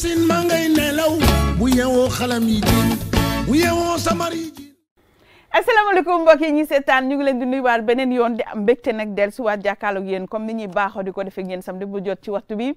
sin ma ngay nelaw bu yewoo xalam yi jiin bu yewoo samar yi jiin asalaamaaleykum mbokk yi ñi seetaan ñu ngi leen di nuyuwaat beneen yoon di am mbégte nag dellusiwaat jàkkaarloog yéen comme ni ñuy baaxoo di ko defee ngeen samedi bu jot ci waxtu bi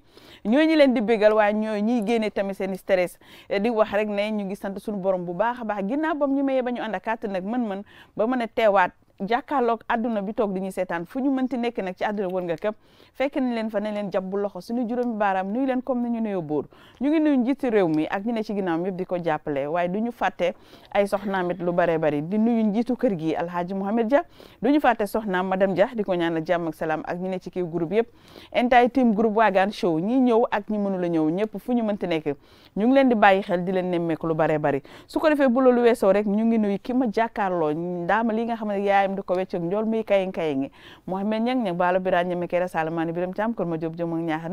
ñooy ñi di bégal waa ñooy ñiy génnee tamit seen stress di wax rek ne ñu ngi sant suñu borom bu baax a baax ginnaaw bam ñu mayee ba ñu ànd ak kàtt nag mën-mën ba mën a teewaat jàkkaarloog àdduna bi toog di ñuy seetaan fu ñu mënti nekk nag ci àdduna wër nga këpp fekk nañ leen fa nañ leen jàpp bu loxo suñu juróomi baaraam nuyu leen comme ni ñu nuyoo buur ñu ngi nuyu njiiti réew mi ak ñu ne ci ginnaaw yëpp di ko ñu fàtte ay soxnaamit lu bare bari di nuyu njiitu kër gi Alhaji Mohamed Dia du ñu fàtte di ko ñaanal jàmm ak salaam ak ñu ne ci kii groupe yëpp entire team groupe waagaan show ñi ñëw ak ñi mënula ñëw ñëpp fu ñu mënti nekk ñu ngi leen di bàyyi xel di leen nemmeeku lu bare bari su ko defee bu loolu weesoo rek ñu kaayam ɗo ko weccog jol mi kayen kayen e mohamed ñang ñang baalo bira ñeme kere salamani biram cam kono ma job jomum ñaha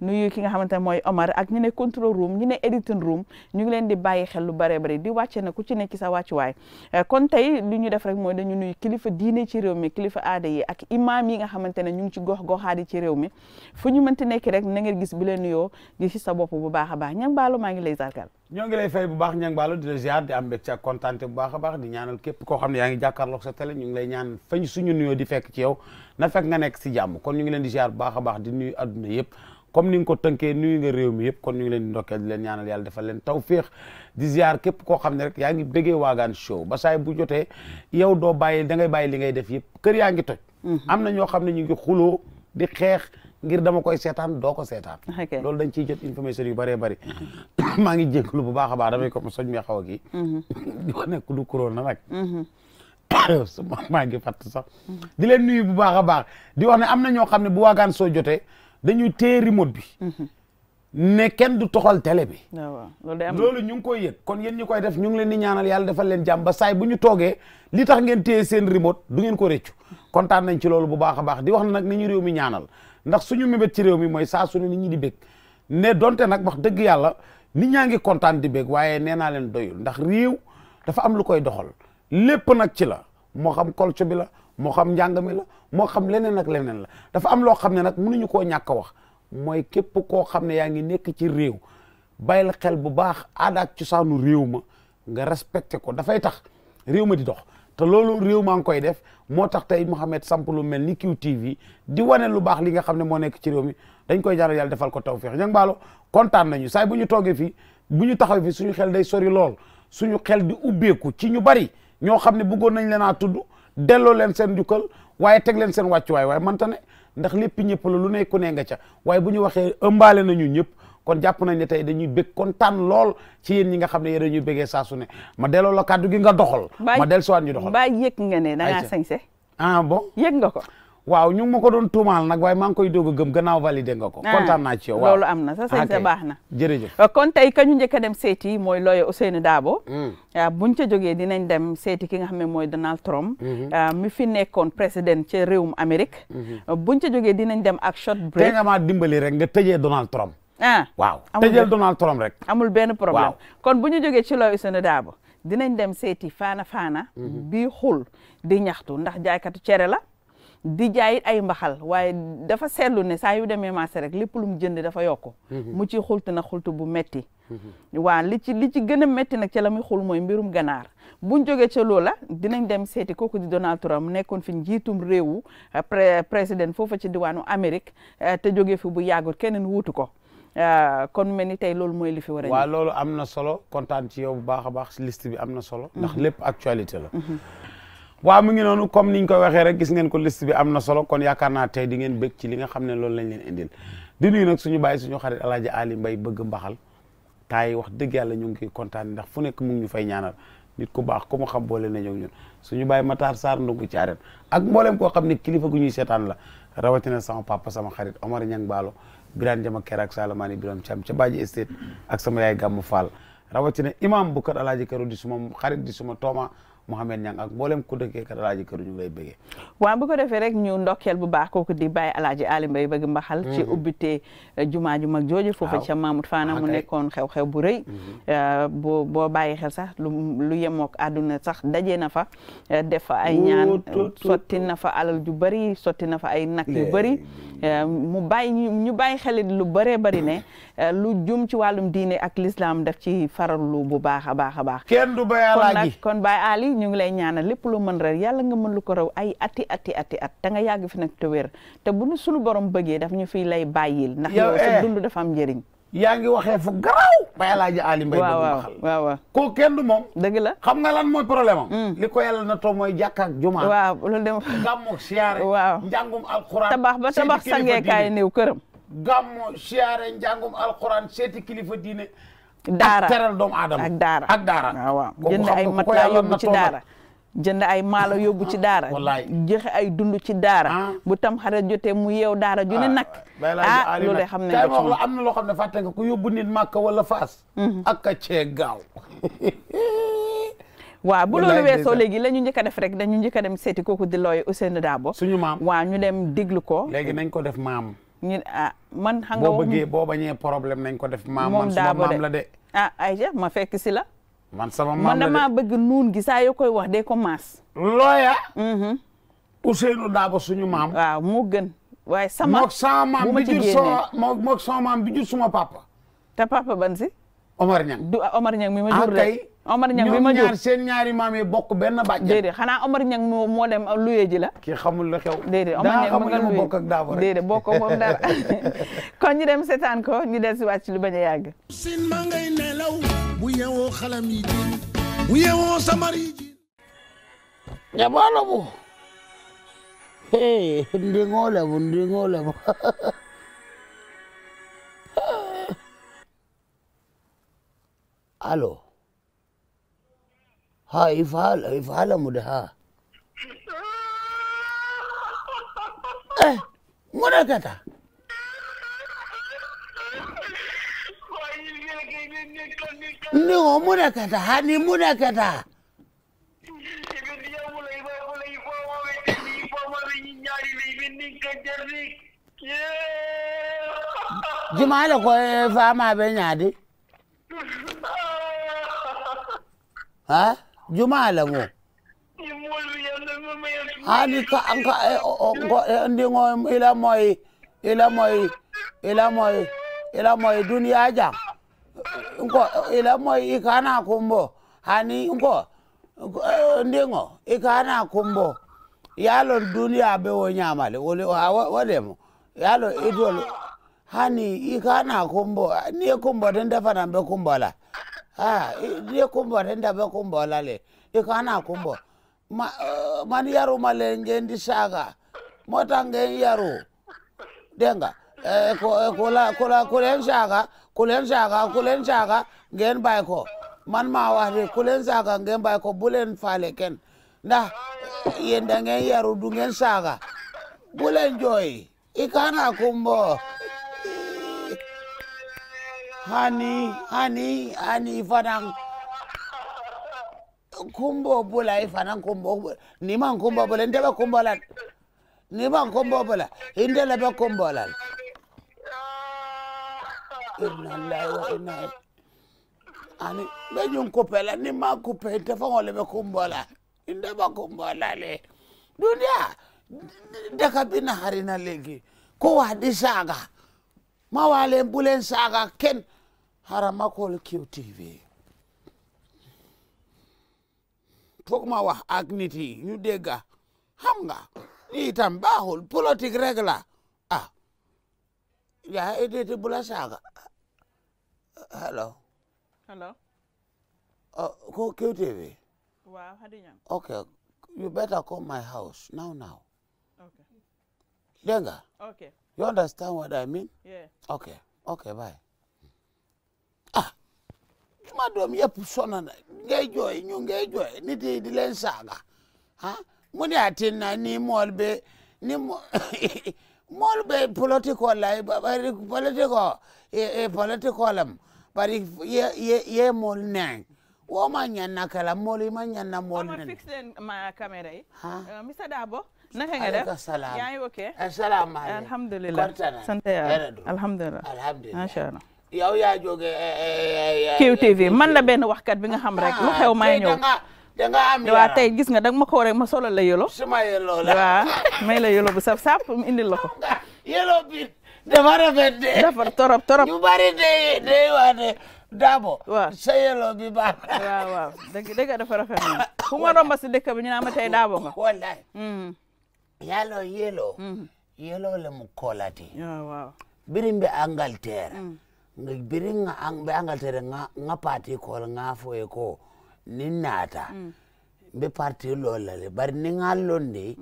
ni ki nga xamante mooy Omar ak ñu ne control room ñu ne editing room ñu ngi leen di bàyyi xel lu bare bare di wàcce na ku ci nekk sa wàccuwaay eh, kon tey li ñu def rek mooy dañu nuyu kilifa diine ci réew mi kilifa aada yi ak imaam yi nga xamante ne ñu ngi ci gox goxaadi ci réew mi fu ñu mënti nekk rek na nga gis bi leen yoo gis ci sa bopp bu baax a baax ñang baalo maa ngi lay sargal ñoo ngi lay fay bu baax ñang baalo di la ziar di am mbégte ak bu baax a baax di ñaanal képp koo xam ne yaa ngi jàkkaarloog sa télé ñu ngi lay ñaan fañ suñu nuyoo di fekk ci yow na fekk nga nekk si jàmm kon ñu ngi leen di ziar bu baax a baax di nuyu adduna yëpp comme ni ko tënkee nuyu nga réew mi yëpp kon ñu ngi leen di ndokkeel di leen ñaanal yàlla defal leen tawféex di ziar képp koo xam ne rek yaa ngi bëggee waagaan show ba saay bu jotee yow doo bàyyi da ngay bàyyi li ngay def yëpp kër yaa ngi toj mm-hmm. di xeex ngir dama koy seetaan doo ko seetaan. loolu dañ ciy jot information yu bëree bari maa ngi jégalu bu baax a baax damay ko soñ mi xaw a kii. ko nekk du kuréel na nag. Mhm. maa ngi fàtt sax. di leen nuyu bu baax a baax di wax ne am na ñoo xam ne bu waagaan soo jotee dañuy téye remote bi. Mhm. ne kenn du toxal télé bi. Ah, loolu ñu ngi koy yëg kon yéen ñu koy def ñu ngi leen di ñaanal yàlla defal leen jàmm saay bu ñu toogee li tax ngeen téye seen remote du ngeen ko rëccu. kontaan nañ ci loolu bu baax a baax di wax na nag ni ñu réew mi ñaanal ndax suñu mébét ci réew mi mooy saa su ne nit di bég ne donte nag wax dëgg yàlla nit ñaa ngi kontaan di bég waaye nee naa doyul ndax réew dafa am lu koy doxal lépp nag ci la moo xam culture bi la moo xam njàng mi la moo xam leneen ak leneen la dafa am loo xam ne nag mënuñu koo ñàkk wax mooy képp koo xam ne yaa ngi nekk ci réew bàyyil xel bu baax aada ak cosaanu réew ma nga respecté ko dafay tax réew ma di dox maa ngi koy def moo tax tey Mouhamed samp lu mel ni kiiw QTV di wane lu baax li nga xam ne moo nekk ci réew mi dañ koy jaaral yàlla defal ko tawféex ña baalo kontaan nañu saay bu ñu toogee fii bu ñu taxawee fii suñu xel day sori lool suñu xel di ubbeeku ci ñu bari ñoo xam ne buggoon nañ leen a tudd delloo leen seen jukkal waaye teg leen seen wàccuwaay waaye manta ne ndax lépp ñëpp la lu ne ku ne nga ca waaye bu ñu waxee ëmbaale nañu ñëpp kon jàpp nañ ne tey dañuy bég kontaan lool ci yéen ñi nga xam ne yéen ñuy bégee saa su ne ma delloo la kàddu gi nga doxal ma del suwaat ñu doxal ba yëg nga ne da ngaa ah, ko waaw ñu ngi ko doon tuumaal nag waaye maa ngi koy doog a gëm gannaaw validé nga ko ah, kontaan naa ci yow am na sa sañse ah, baax na jërëjëf euh, kon tey ka ñu njëkk a dem seeti mooy lawyer Ousainou Darboe hmm. buñ ca jógee dinañ dem seeti ki nga xam ne mooy Donald Trump hmm. mi fi nekkoon président ci réewum Amérique hmm. buñ ca jógee dinañ dem ak short break nga maa dimbali rek nga tëjee Donald Trump ah waaw te jël rek. amul benn problème kon bu ñu jógee ci loo Ousainou Darboe dinañ dem seeti faana faana. Mhm. bi xul di ñaxtu ndax jaaykatu cere la. di jaay ay mbaxal waaye dafa seetlu ne saa yu demee marché rek lépp lu mu jënd dafa yokk. Mhm. mu ci xultu na xultu bu metti mhm. waa li ci li ci gën a metti nag ca la muy xul mooy mbirum ganaar buñ jógee ca la dinañ dem seeti kooku di Donald Trump nekkoon fi njiitum réewu eh, président foofa ci diwaanu Amérique eh, te joge fi bu yàggul keneen wuutu ko. Euh, kon mel ni tey loolu mooy li fi a waaw am na solo kontaan ci yow bu baax a baax list bi am na solo mm-hmm. ndax lépp actualité la mm-hmm. waaw mu ngi noonu comme niñ ko waxee rek gis ngeen ko list bi am na solo kon yaakaar naa tey di ngeen bég ci li nga xam ne loolu lañ leen indil di nuyu nag suñu bàyyi suñu xarit alaaji Ali Mbay bëgg mbaxal taay wax dëgg yàlla ñu ngi koy kontaan ndax fu nekk mu ñu fay ñaana nit ku baax ku xam boole na ñëw ñun suñu bàyyi Matar Sarr ndungu ci arène ak mboolem koo xam ne kilifa ñuy seetaan la rawatina sama papa sama xarit Omar Ñang Baalo Birane Jama Ker ak Salamani Birame Thiam ca Badji Estate ak sama yaay Gammu Fall rawatina imam bu kër Alaaji Karu di suma xarit di suma tooma Mouhamed Niang ak mboolem ku dëkkee alaaji këru ñu ngi lay bëggee ko defee rek ñu ndokkeel bu baax kooku di bàyyi alaaji Ali Mbaye bëgg mbaxal ci mm-hmm. ubbite eh, jumaa ju mag jooju foofu ca Mamoud Fana ah, mu nekkoon xew-xew bu rëy mm-hmm. eh, boo boo bàyyi xel sax lu lu yemook àdduna sax dajee na fa eh, def fa ay ñaan sotti na fa alal ju bëri sotti na fa ay nag yu bëri mu bàyyi ñu bàyyi xelit lu bëree bari ne lu jum ci wàllum diine ak l'islam def ci faral lu bu baax a baax a baax kenn du bay alaaji ñu ngi lay ñaanal lepp lu mën rek yalla nga mën lu ko raw ay ati ati ati at da nga yàgg fi nak te wër te bu ñu suñu borom bëgge daf ñu fi lay bayil nak yow sa eh, dundu dafa am jëriñ yaangi ngi fu graw ba yalla Hadj Ali Mbaye bu waxal waaw waaw ko kenn du moom la xam nga lan moy problème am mm. li ko na to moy jakk ak juma waaw lu dem Gamu siyaare jangum alquran tabax ba tabax kay néew kërëm gamu siyaare jangum alquran séti kilifa diiné daara ak teral doomu ak daara waaw jënd ay matelas yóbbu ci daara jënd ay maalo yóbbu ci daara joxe ay dund ci daara ah. bu tam xarit jotee mu yeew daara ju ne ah. nag ah loolu de xam ne kay wax am na loo xam ne fàtte nga ku yóbbu nit màkka wala faas mhm. ak a gaaw waa bu loolu weesoo léegi la ñu njëkk def rek dañu njëkk a dem seeti kooku di looy Ousseynou Dabo suñu maam waa ñu dem déglu ko léegi nañ ko def maam ñu ah man. xam nga boo bëggee boo bañee problème nañ ko def. maam man suma maam la de. ah Aïcha ma fekk si la. man sama maam la de man damaa bëgg nuun gi saa yoo koy wax de ko maas. looya. Mm-hmm. Ousseynou Daabo suñu maam. waaw moo gën. waaye sama moog sama maam bi jur sama moog sama maam bi jur suma papa. te papa ban si. Omar Niang du Omar Niang mi ma jur rek. Omar Niang bima ma jóg ñaar seen ñaari maam yi bokk benn bàjjen. Omar Niang mo mo dem luye ji la. kamu xamul la xew. Omar Niang mo nga luye bokk ak daabo rek déedéet bokk dara kon ñu dem seetaan ko ñu des wàcc lu bañ yag sin ma ngay nelaw bu yeewoo xalam yi ji bu yeewoo samar yi ji. jabaalo ya bu. hey ndingoo bu ndingoo bu. allo. هاي يفعل يفعل مدها eh ngona kata ni o muna kata ha ni muna kata jimala ko fama be nyadi ha jumaa la ngo ani ah, ka anka eh, ngo eh, ndi ngo ila moy ila moy ila moy ila moy dunia ja ngo ila moy ikana kumbo hani ngo ndi eh, ngo ikana kumbo yalo dunia be wo nyamale wole wole mo yalo idol hani ikana kumbo ni kumbo den dafa na be kumbo ha ndiye kumbo rendabe kumbo lale ikana kumbo ma, uh, mani yaru male ngendi saga mota yaru denga eh, ko, eh, kula kula kulen saga kulen saga man ma wahde kulen saga ngen bay ko bulen fale ken nda yenda ngen yaru du ngen saga bulen joy ikana kumbo honey, honey, honey, fanang. Kumbobola ifana nkumbobola nima nkumbobola into bakumbola nima nkumbobola into lebakumbola inna lillahi wa inna ani benyunkhuphela nimakhuphe into fangole bekumbola into bakumbola le dunia ndakabina harina leki kowadi saka mawale mpule nsaka ken Haramakol QTV foog ma wax ak nit yi ñu dégg xam nga lii itam baaxul politique rek la ah yaa edete bu la hello hello oh, ko QTV waaw Hadinyang okay you my house now now okay dégg nga what I mean yeah okay ma doom yëpp sonn na ngay jooy ñu ngay jooy nit yi di leen saga ah mu ne atin na ni mool be ni mol be politiko lay bari politiko e, e politiko lam bari ye ye ye mool neng wo ma ñanna kala mool yi ma ñanna mool nene. fix leen ma caméra yi. Eh? ah uh, Mr Dabo. naka nga def yaa ngi ok. asalaamaaleykum alhamdulilah sant yàlla alhamdulilah alhamdulilah macha allah. yow yaa jóge eh, eh, eh, tv man la benn waxkat bi nga xam rek lu ah, xew may ñëw da nga am waaw tey gis nga dag ma ko rek ma solo la yelo suma yelo la wa may la yelo bu sap saf mu indil la ko yolo bi dafa rafet de dafa torop torop ñu bari de de waane Dabo. waaw sa yelo bi ba wa wa deug deug dëgg dafa rafet na fu ma romba ci dekk bi ñu na ma tey Dabo nga. wallahi hmm yalo yelo. hmm yelo le mu kolati wa wa birim bi hmm biri be angleterre nga parti kol nga foye ko ni naata mm. be parti lo le bari ni nga londi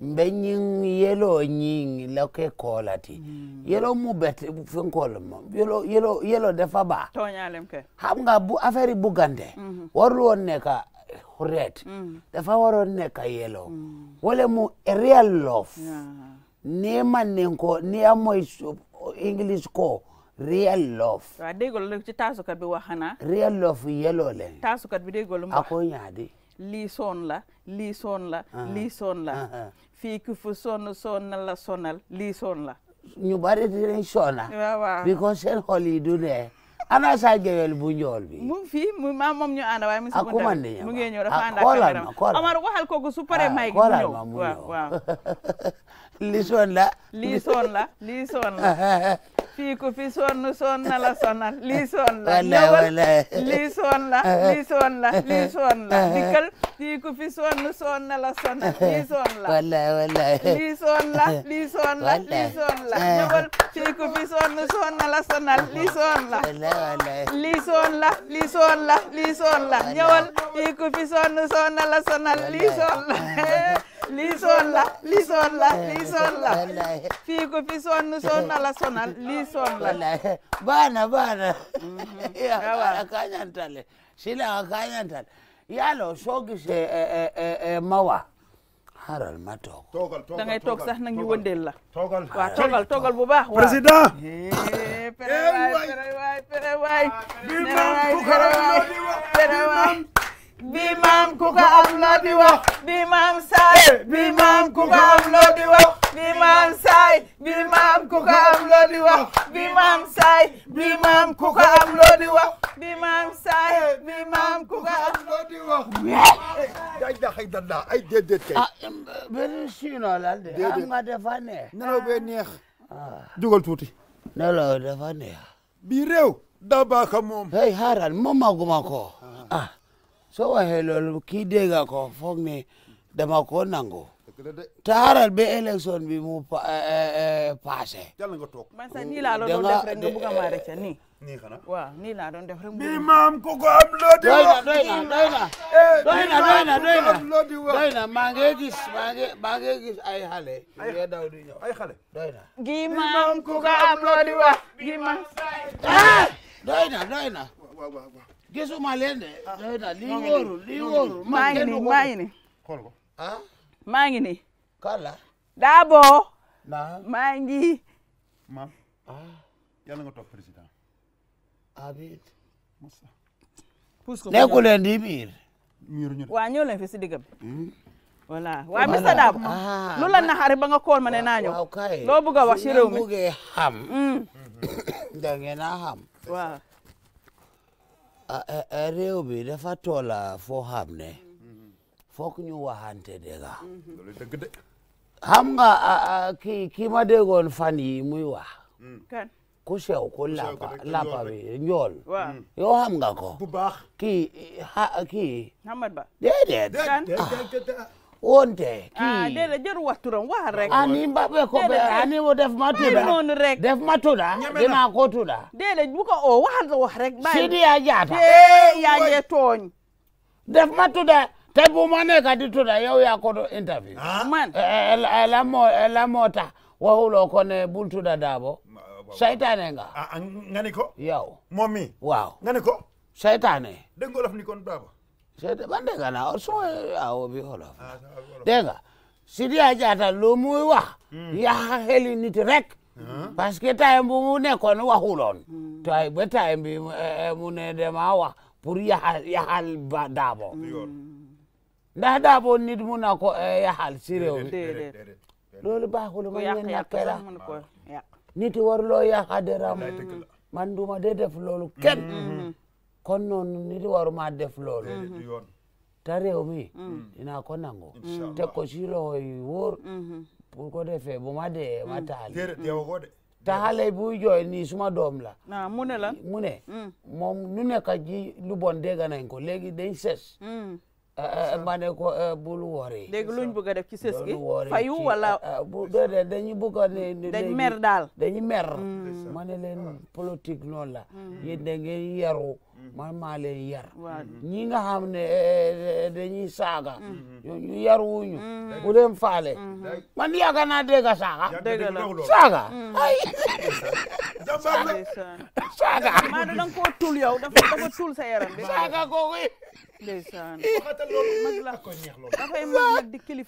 mbe nyin yelo nyin lo ke kolati mm. yelo mu bet fen kol mo yelo yelo yelo defa ba to nyalem ke xam nga bu affaire bugande mm-hmm. warlu won ne ka red mm. dafa waron ne ka yelo wala mu real love ne man ne ko ne amoy english ko real love waaw déggol lu ci taasukat bi wax xanaa real love yeloo leen taasukat bi déggol mu ako ñaadi lii soon la lii soon la lii soon la fii ku fu sonn sonna la sonal lii soon la ñu bari dinañ sonna waaw waaw because seen xol yi du ne ana sa gewel bu njool bi mu fii mu ma moom ñu ànd waaye mu si mu ngi ñëw dafa ànd ak caméra Omar waxal kooku su paree may gi mu ñëw waaw waaw lii soon la lii soon la lii soon la fii ku fi sonn sonn na la sonal lii sonn la ñëwal lii sonn la lii sonn la lii sonn la dikkal fii ku fi sonn sonn na la sonal lii sonn la lii sonn la lii sonn la lii sonn la ñëwal fii ku fi sonn sonn na la sonal lii sonn la lii sonn la lii sonn la lii sonn la ñëwal fii ku fi sonn sonn na la sonal lii sonn la lii soon la eh, lii soon la eh, lii soon la fii ko fi sonn sonn la sonal lii soon la baana baana mhm. ya wala kañantale sila kañantale yàlla soo gisee eh, mawa xaaral ma toog toogal toog sax nag ñu wëndeel la toogal toogal toogal bu baax waaw pere waay pere waay pere waay ah, pere waay Eh, bi maam ku ko am loo di wax bi maam saay bi maam ku ko am loo di wax bi maam saay bi maam ku ko am loo di wax bi maam saay eh, bi maam ku ko am loo di wax bi eh, maam saay bi maam ku ko am loo di wax ay ah, siino la de am nga dafa nelaw bee neex jugal ah. tuuti nelaw dafa neex da baaka moom hey xaaral moom maguma ko ah, ah. soo waxee loolu kii dégg ko foog ne dama ko nangu. te xaaral ba élection bi mu pa eh, eh, eh, passé. jàll nga toog man nga bugg a maa rek nii. nii xanaa waaw nii laa doon def rek. bii maam ku ko am maa ngi gis maa ngi gis ay xale. ay xale gisuma leen de. li maa ngi nii maa ngi nii. xool ko ah? maa ngi nii. kala. Darboe. naa maa ngi. ma ah. yàlla nga toog waa ñëw leen fi si bi. Hmm? voilà waaye Mr Darboe. Ah, lu la naxari ba nga kool ma ne naa ñëw. loo bëgg a wax si réew mi. Hmm. da a xam. waaw. réew bi dafa toola foo xam ne foog ñu waxante dëgg xam nga ki ki ma déggoon fan yi muy wax mm. ku sew ku lapa lapa bi njool mm. yow xam nga ko bu baax kii kii déedéet wonte ah, kii ah déedéet jëru waxturam rek ani ba be ko be ani wo def ma tuda def ma tuda dina ko tuda déedéet wax rek bàyyi sidi ya jaata eh yaa def ma tuda te bu ma nekk tuda yow yaa ko do interview ah? man eh, eh, la mo eh, la mota wahulo ko ne bul tuda daabo saytaane nga ah, ko yow moom mi waaw ngani ko saytaane dégg nga wolof ni kon man dégg naa or soo awo bi ah, wolof dégg nga Sidiya Jaata lu muy wax hmm. yaa xeli nit rek ah. parce que time bu mu nekkoon waxuloon hmm. tay ba time bi eh, eh, mu ne dama wax pour yaxal yaxal Daabo ndax Daabo nit mu na ko eh, yaxal si réew mi loolu baaxul ma ngeen nappe la nit warloo loolu kenn hmm. kon noonu nit waruma def loolu te réew mi mm. mm. dinaa ko nangu te ko ci loxo yi wóor pour mm-hmm. ko defee bu ma dee ma mm. taal te xale buy jooy nii suma doom la mu ne la mu ne moom nu ji lu bon dégg nañ ko léegi dañ ses Eh, eh, eh, ma ne ko bul woori. léegi luñ bëgg a def ci sës gi fayu wala. bu déedéet dañu bëgg a ne. dañu mer daal dañu mer. Mm. ma leen politique noonu la. Mm. yéen da ngeen yaru. Mm. Mm-hmm. ñi nga xam ne dañuy saaga. Mm-hmm. ñu yaruwuñu. bu dem faale. Mm-hmm. man yaakaar naa dégg saaga. dégg la saaga. ay saaga. maa da tul yow dafa dafa tul sa yaram bi. saaga kooku ndeysaan waxatal loolu ah, ko neex loolu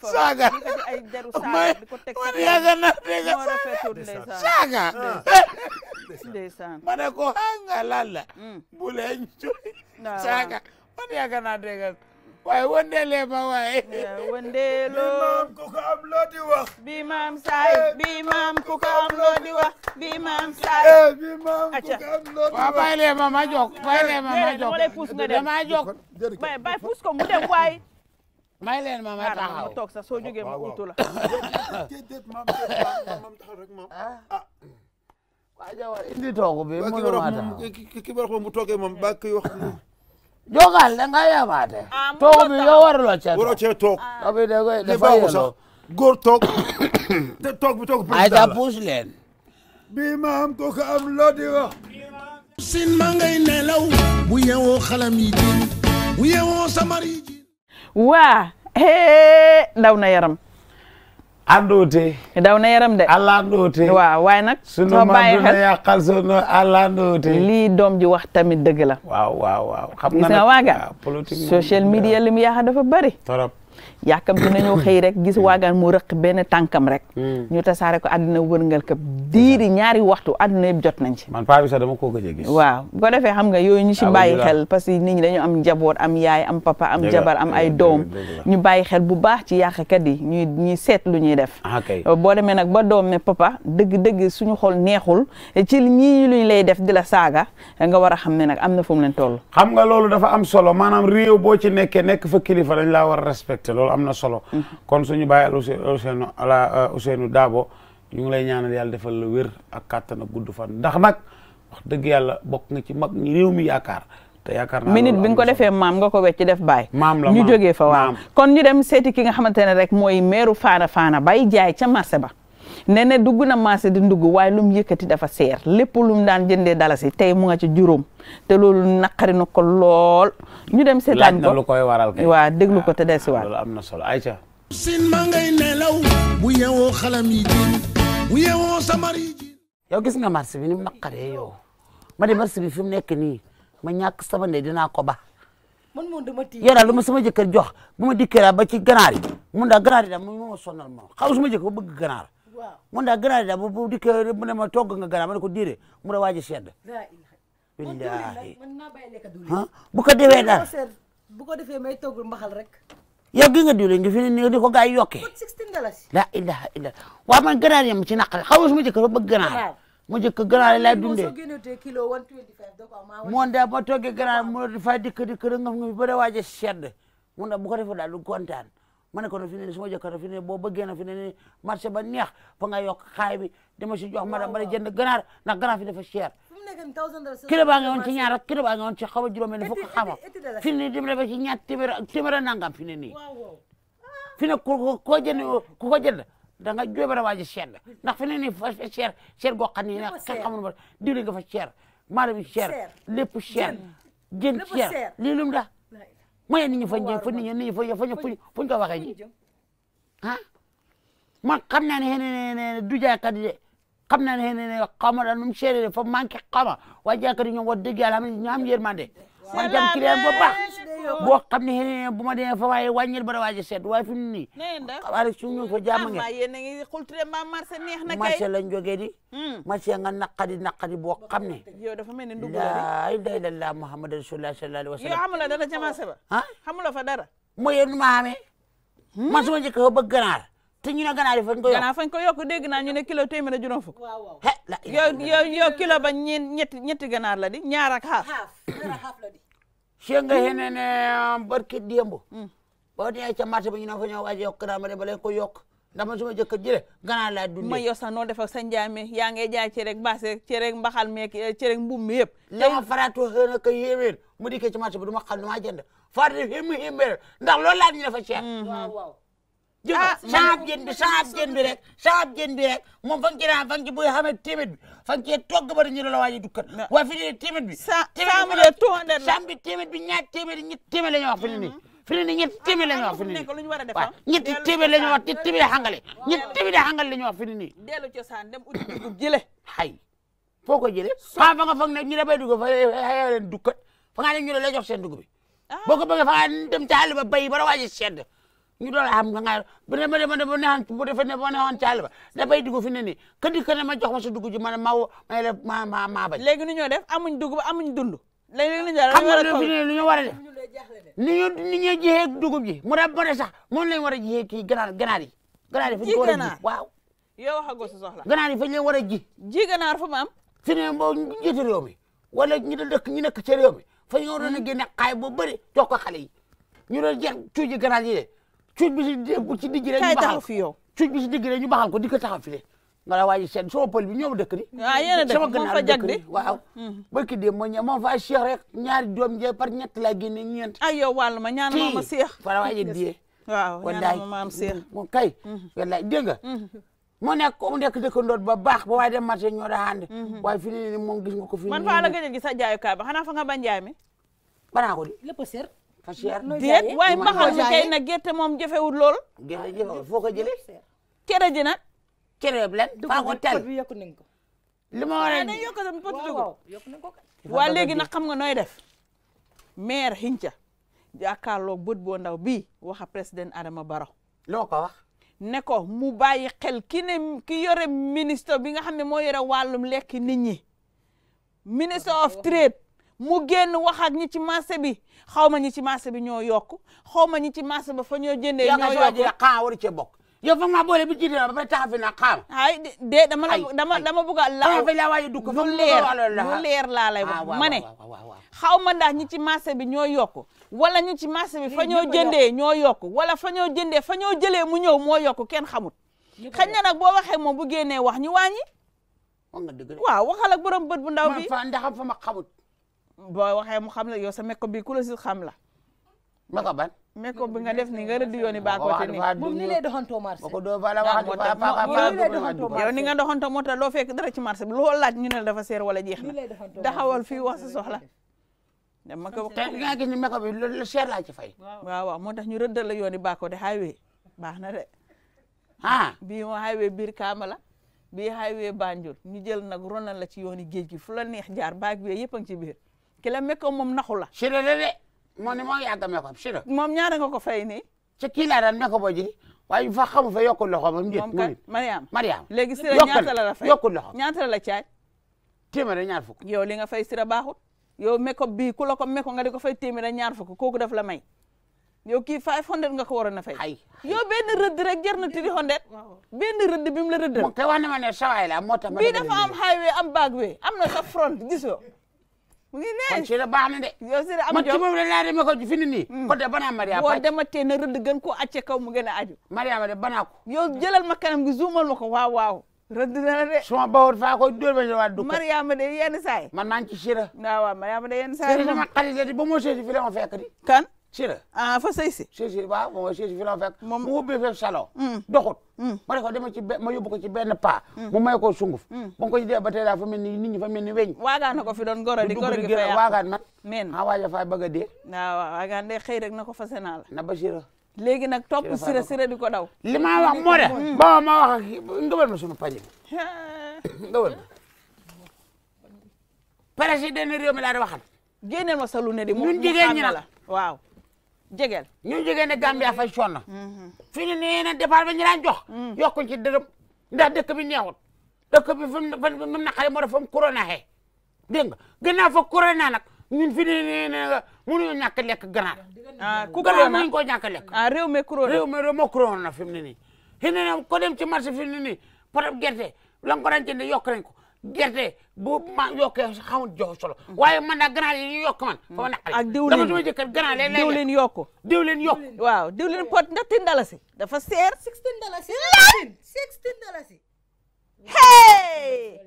saaga di di ko teg man saaga ah. ma ne ko hanga lalla mm. bu leen joy saaga man yaaga na dega waaye wëndelee ma waaye. wëndeeloo bi maam ku ko am loo di wax. bi maam saay bi maam ku ko am loo di wax. bi maam saay bi maam ku ko am loo di wax. waaw bàyyi leen ma ma jóg bàyyi leen ma ma jóg damaa jóg. bàyyi bàyyi puus ko mu dem waay. may leen ma ma taxaw toog sax soo jógee ma utu la. waa jawar indi toogu bi mënu maa taxaw. ki ki ki ki ki ki ki ki ki ki ki ki ki ki Jogal da nga yabaate. toog bi yow waruloo cee toog waroo cee toog. toog bi da koy dafa yeloo. góor toog. te toog bi toog puus leen. bii ma am ka am loo di sin ma ngay nelaw. bu yeewoo xalam yi jiin bu yeewoo samar yi jiin. waa ndaw na yaram. àndoote. daw na yaram de. àllàndoote. waaw waaye nag. soo bàyyi xel sunu ma duna yàqal sunu àllàndoote. lii doom ji wax tamit dëgg la. waaw waaw waaw. xam na nag gis nga waaga. social media lim yaaxa dafa bari. trop. yàkkam dinañoo xëy rek gis waagaan mu rëq benn tànkam rek hmm. ñu tasaare ko àddina wërngal këpp diiri ñaari waxtu àddina yëpp jot nañ ci man paa bi sax dama koo gëj a gis waaw bu ko xam nga yooyu ñu si ah, bàyyi xel parce que nit ñi dañu am njaboot am yaay am papa am jabar am ay doom ñu bàyyi xel bu baax ci yàqkat yi ñu ñuy seet lu ñuy def ah, euh, boo demee nag ba doom ne papa dëgg-dëgg suñu xol neexul ci ñii lu ñu lay def di la saaga nga war a xam ne nag am na fu mu leen toll xam nga loolu dafa am solo maanaam réew boo ci nekkee nekk fa kilifa war a respecté am na solo. kon suñu bàyyi Ousseynou ala euh, Ousseynou Dabo ñu ngi lay ñaanal yàlla defal la wér ak kàttan gudd fan ndax nag dëgg yàlla bokk nga ci mag ñi réew mi yaakaar. te yaakaar naa minute bi nga ko defee maam nga ko wecc def baay. maam la ñu jógee fa waaw kon ñu dem seeti ki nga xamante ne rek mooy meeru faana Fana bay jaay ca marché ba. ne ne dugg na masse di dugg waaye lum mu dafa seer lepp lum daan dalasi tay mu nga ci jurum te loolu nakari na ko lool ñu dem seetaan ko lañu koy waral kay wa déglu ko te ah, desiwaat wa am amna solo Aïcha sin ma ngay nelaw bu yewoo xalam yi din bu yewoo samari yo gis nga marsi bi ni mu yo ma di marsi bi fim nek ni ma ñak sama ne dina ko ba man moom dama ti yow daal lu sama jëkkër jox buma ma ba ci ganar yi mu nda ganar yi da mu mo sonal mo xaw ma jëkkër bëgg ganar mun da ganaar da bu bu dikkee mu ne ma togg nga ganaar ma ne ko diire mu ne waaji sedd billaahi bu ko defee daal bu ko defee may togg mbaxal rek yow gi nga diwlin gi fi ne ni ko gaa yi yokkee la ilaha illa waaw man ganaar yam ci naqar xaw ma jëkk ba bëgg ganaar mu jëkk ganaar lay dundee moom da ma toggee ganaar mu ne dafay dikk dikk rek nga fi ba da waaji sedd mun da bu ko defee daal du kontaan mané ko na fi ne sama jëkkër fi ne boo bëggee na fi ne marché ba neex fa nga yok xay bi dama ci jox ma bari jënd ganaar na ganaar fi dafa cher kilo ba nga won ci ñaar ak kilo ba nga won ci xawa juroom juróom fuk xama fi ne dem ba ci ñaat timira timira a nangam fi ne nii fi ne ku ko jënd ko ko jënd da nga jóobe bara waji cher ndax fi ne nii fa cher cher go xani na ka xamul ba diwlin nga fa cher maalo cher lepp cher jënd cher lii lum da mooy nit ñi fa ñu fa nit ñi fa fa fu ñu ko waxee ji ah man xam naa ne du jaaykat yi de xam naa ne ne xama daal num seere fa manqué xama waaye jaaykat yi ñoom wax dëgg yàlla xam ne ñoo am yërmande man jam client bu baax boo xam ne bu ma demee fa waaye wàññil ba da waaj a seet waaye fi mu nii. xabaar suñu fa jàmm ngeen. yéen a ngi xulture ma marché neex na kay. marché lañ jógee di. Hmm. marché nga naqadi naqadi boo xam ne. yow dafa mel ni ndugg la de. laa ilaaha illallaah Muhammad rasulullah sallallahu alayhi wa sallam. yow xamuloo dara ca marché ba. ah xamuloo fa dara. mooy yéen ma xamee. Hmm? man sama njëkk a bëgg ganaar. te ñu ne ganaar fañ ko yokk ganaar fañ ko yokk dégg naa ñu ne kilo téeméer a juróom fukk. yow yow yow kilo ba ñeent ñetti ñetti ganaar la di ñaar ak xaaf. ñaar ak xaaf la di. ce nga hmm? henene barki démb hmm. boo nee ca marché ba ñu ne fa ñoo waaj yokk dama dem ba leen ko yokk ndax man suma jëkkër jële ganaa laa dundee ma yow sax noonu defak sa njaame yaa ngay jaay cere ak baase cere ak mbaxal meek eh, cere ak mbuum ma faraatoo xëy na ko yéemeen mu dikkee ci marché bi du ma xam nu maa jënd faatu def xémmu xémbee ndax loolu laa ñu dafa cher hmm, waaw waaw jëf ah, saab jën bi saab jën bi rek saab jën bi rek moom fa nga ci fan to togg ba ñu la waaji dukkat waaye fi ne téeméer bi sambi téeméer bi ñaar téeméer ñett téeméer la ñu wax fi ne nii mm-hmm. fi ne nii ñetti téeméer la ñu wax fi ne nii waaw ñetti téeméer la ñu wax ñetti téeméer xangale ñetti la ñu wax fi ne nii dellu cosaan dem uti dugub ko jëlee fa nga foog ne ñu da bay dugub fa xayoo leen dukkat fa nga ne la jox seen dugub bi ah. boo ko bëggee fa nga dem àll ba bay ba la waaji sedd ñu doon am nga nga bu ne ma ne ma ne bu defee ne ma ne woon caale ba ne bay dugg fi ne nii ka di ka ne ma jox ma sa dugub ji ma ne ma ma ne ma ma ma bañ. léegi nu ñoo def amuñ dugub amuñ dund. léegi li ñu war a xam nga lu ñu war a def ni ñu ni ñu jiyee dugub ji mu dem ba de sax moom lañ war a jiyee kii ganaar ganaar yi. ganaar yi fañ ko war a ji waaw. yow waxagoo sa soxla. ganaar yi fañ leen war a ji. ji ganaar fu mu am. fi ne boo njiitu réew mi wala ñu dëkk ñu nekk ci réew mi fa ñu waroon a hmm. génne xaay boo bëri jox ko xale yi ñu doon jeex tuuti ganaar yi de cuuj bi si ci digg rek. ñu baxal fi yow ñu baxal ko di ko taxaw fi de. nga la waaji seen sama pël bi ñoom dëkk di. waaw ah, yéen a dëkk moom fa jag di waaw. Hmm. barki dem ma ña moom fa rek ñaari doom je par ñett laa génne ñeent. ay ah, yow wàll ma ñaan ma ma Cheikh. fa la waaji die. waaw ñaan ma ma am Cheikh kon kay. Hmm. wallaay dégg nga. Hmm. mu nekk mu nekk dëkkandoot ba baax ba waaye dem marché ñoo daa ànd. waaye fi ko fi. man faa la gëj a gis sa jaayukaay ba xanaa fa nga ba njaay mi. banaa a fa cher déet waaye mbaxal mi kay nag gerte moom jafewul lool. gerte jafewul foo ko jëlee. cere ji na cere bi lan faa ko tal li ma war a indi ah, yokk nañ ko waa léegi nag xam nga nooy def maire Hinca jàkkaarloog bët boo ndaw bii waxa président Adama Barrow. loo ko wax. ne ko mu bàyyi xel ki ne ki yore ministre bi nga xam ne moo yore wàllum lekk nit ñi. minister of trade. mu génn wax ak ñi ci marché bi xaw ma ñi ci marché bi ñoo yokk xaw ma ñi ci marché ba fa ñoo jëndee. ñoo yokk yow xaa waru cee bokk. yow foog maa bi na ba pare taxaw fi na xaar. ay de dama la dama dama bëgg a. laaw lu leer lu leer laa lay ah, ma ne. xaw ma ndax ñi ci marché bi ñoo yokk. wala ñi ci marché bi fa ñoo jëndee ñoo yokk wala fa ñoo jëndee fa ñoo jëlee mu ñëw moo yokk kenn xamut. xëy na nag boo waxee moom bu génnee wax ñu wàññi. wax nga dëgg waaw waxal ak borom bët bu ndaw bi man fa ndax fa ma xamut. boo waxee mu xam la yow sa mekko bi ku la si xam la. mekko ban. mekko bi nga def ni nga rëdd yooni baakooti nii. moom ni lay doxantoo marché. boo ko doo fa la waxati fa fa yow moo loo fek dara ci marché bi loo laaj ñu ne la dafa seer wala jeex na taxawal fii wax sa soxla. dama ko te nga gis ni mekko bi lu seer laa ci fay. waaw waaw moo tax ñu rëddal la yooni baakooti highway baax na de. ah bii moo highway biir Kaamala. bii highway Banjul ñu jël nag ronal la ci yooni géej gi fu la neex jaar baag bi yëpp a ci biir kila meko moom naxu la sira lele moo ni moo yàgg meko sira moom ñaara nga ko fay nii ci kii laa daan meko bo ji waaye fa xamu fa yokkul loxo ba mu jël moom kat Mariam Mariam léegi sira ñaata la la fay yokkul loxo ñaata la la caaj téeméer ñaar fukk yow li nga fay sira baaxut yow meko bii ku la ko meko nga di ko fay téeméer ñaar fukk kooku daf la may yow kii 500 nga ko waroon a fay. ay yow benn rëdd rek jar na 300. benn rëdd bi mu la rëddal. te wax na ma ne sawaay moo tax. bii dafa am highway am na sa front mu ngi ne kon ci la baax na de. yow si la am ma moom la laa demee ko fi nii. Mm. côté banaa gën koo àcce kaw mu gën a aju. Mariama de banaa ko. yow jëlal ma kanam gi zoomal ma ko waaw waaw. rëdd na la de. suma bawoon faa ko dóor ba ñu waat dugg. Mariama de saa man naa ci Sira. waaw waaw Mariama de yenn saa yi. Sira sama xarit la ma fekk di. kan. si aa ah fa sëy si si si waaw moom si si mm. mm. ma ne ko dama ci ma yóbbu ko ci benn paa mm. mu may ko sunguf ba ko ci dee ba tey daa fa ni nit ñi fa ni weñ waagaan na ko fi goro di goro gi fa waagaan man men ah waaja faa bëgg a dee waaw de xëy na ko fase naa la na ba sira léegi nag topp sira sira di ko daw li ma wax moo ba ma wax nga wal ma sunu pañe nga wal ma président réew mi laa di waxal génneel ma sa lu ne di ñun jigéen la jegel ñoo jegee ne Gambia fay sonn mm-hmm. fi ñu nee na départ ba ñu daan jox mm. yokkuñ ci dërëm ndax dëkk bi neewut dëkk bi fa mu mu naqare moo def fa mu corona xee dégg nga gannaaw fa corona nag ñun fi ñu nee na mënuñu ñàkk lekk ganaar ah, ku ganaar mënuñu koo ñàkk lekk ah, réew mi corona réew mi réew moo corona na fi mu ne nii xëy ko dem ci marché fi mu ne nii pot gerte la nga ko yokk nañ ko gerté bu ya, ma yoké xamul jox solo waye man daal grand yi yok man fa ma naqari ak diwlin dama jëkkër ganaar leen diwlin yokku diwlin yokku waaw diwlin pot ndatin dalasi dafa ser 16 dalasi 16 sixteen dalasi hey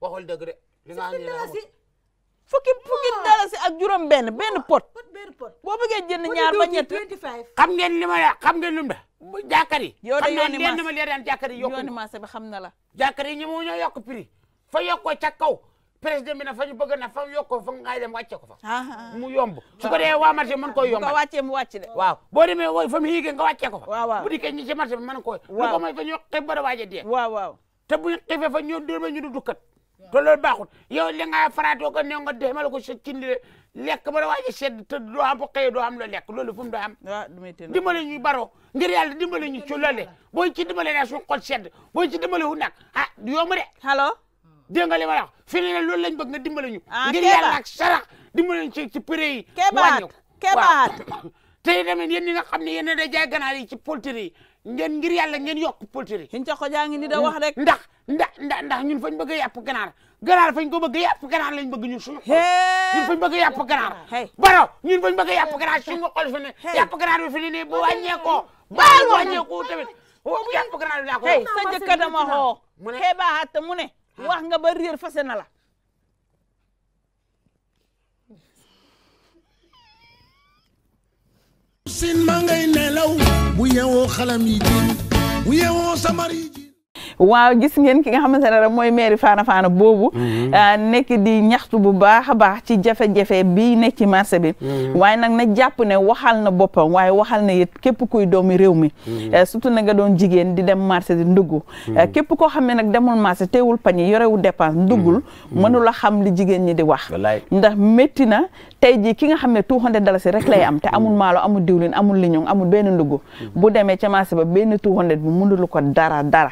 waxul dëgg de li nga dalasi fukki fukki ah. dalasi ak juroom ben ben ah, pot bo beugé jënd ñaar ba ñett xam ngeen lima xam ngeen lum mu da jàkkar yi yow de yooni ma yooni ma bi xam na la jàkkaar yi ñoom ñoo yokk prix fa yokkoo ca kaw président bi na fa ñu bëgg na fa yokkoo fa ngay dem wàcce ko fa. Ah, ah, ah. mu yomb su ko dee waa marché koy yomb. wàccee mu wàcc de. waaw boo demee wooy fa mu yéegee nga wàccee ko fa. waaw waaw bu dikkee ñi ci marché bi mën koy. waaw lu ko mooy fa ñu xëy ba da waaj a dee. waaw waaw bu ñu xëyee fa ñoo dóor ba ñu du dukkat. te loolu baaxul yow li nga faraatoo ko ne nga demal ko sa cin lekk ba da waaj a sedd te doo am bu xëyee doo am loo lekk loolu fu mu am. waaw du may teel dimbale ñuy baroo ngir yalla dimbalé ñu ci lolé boy ci dimbalé na su xol sedd boy ci dimbalé wu nak ah du yom de. allo. dégg nga li wax fi né lool lañ bëgg na dimbalé ñu. Ah, ngir yalla ak sarax dimbalé ci ci prix yi. wàññi ko té dem tey ñi nga xam ne da a jaay ganaar yi ci poultry ngeen ngir yalla ngeen yok poultry yi. ko jaa ni da wax rek. ndax ndax ndax ndax ñun fañ bëgg a yàpp ganaar fañ ko bëgg a yàpp lañ bëgg ñu suñu xol. ñun fañ bëgg a yàpp baro ñun fañ bëgg a yàpp suñu xol fi ne. yàpp ganaar fi ne nii wañé ko baal ma wàññeeku tamit waaw yàpp ganaar bi laa ko hey sa jëkkër dama baa hatta mu ne ah. wax nga ba réer fase na sin ma nelaw bu yeewoo xalam bu yeewoo samar waa gis ngeen ki nga xamante ne rek mooy mairie Fana Fana boobu mhm. ah, nekk di ñaxtu bu baax a baax ci jafe-jafe bi nekk ci marché bi mhm. waaye nag na jàpp ne waxal na boppam waaye waxal na it képp kuy doomi réew mi mhm. eh, surtout na nga doon jigéen di dem marché di ndugg eh, képp koo xam ne nag demul marché teewul pañe yorewu dépense nduggul mënula xam li jigéen ñi di wax ndax métti na tey jii ki nga xam ne two hundred dalasi rek lay am te amul maalo amul diwlin amul liñoŋ amul benn ndugg bu demee ca marché ba benn two hundred bi mënulu dara dara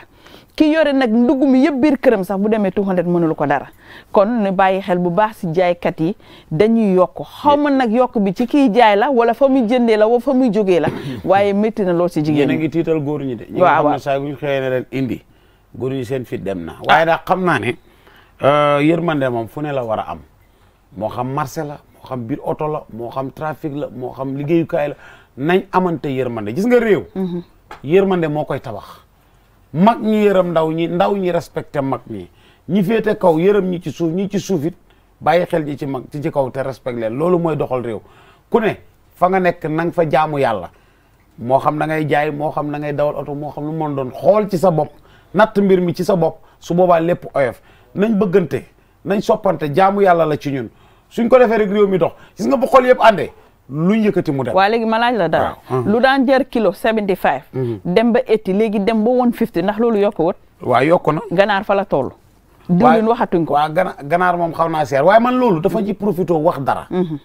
ki yore nag ndugg mi yëpp biir këram sax bu demee tuxandet mënul ko dara kon ne bàyyi xel bu baax si jaaykat yi dañuy yokk xaw ma nag yokk bi ci kiy jaay la wala fa muy jëndee la wala fa muy jógee la waaye métti na lool si jigéen ñi. yéen a ngi tiital góor ñi de. waaw ñi nga xam ne saa ñu xëyee ne indi góor ñi seen fit dem na. waaye daal xam naa ne euh, yërmande moom fu ne la war a am moo xam marché la moo xam biir oto la moo xam trafic la moo xam liggéeyukaay la nañ amante yërmande gis nga réew. Mhm. yërmande moo koy tabax. mag ñi yërëm ndaw ñi ndaw ñi respecté mag ñi ñi féete kaw yërëm ñi ci suuf ñi ci suuf bàyyi xel ñi ci mag ci ci kaw te respecté leen loolu mooy doxal réew ku ne fa nga nekk na nga fa jaamu yàlla moo xam na ngay jaay moo xam na ngay dawal oto moo xam lu mën doon xool ci sa bopp natt mbir mi ci sa bopp su boobaa lépp oyof nañ bëggante nañ soppante jaamu yàlla la ci ñun suñ ko defee rek réew mi dox gis nga bu xool yëpp àndee lu ñu yëkkati mu dem. waaw léegi ma laaj la dara. Uh-huh. lu daan jar kilo 75. Mm-hmm. dem ba etti léegi dem ba 150 ndax loolu yokk wut. waaw yokk na. ganaar fa la toll. diwlin waxatuñ ko. waaw gana ganaar moom xaw naa seer waaye man loolu dafa ji profité wax dara. Mm-hmm.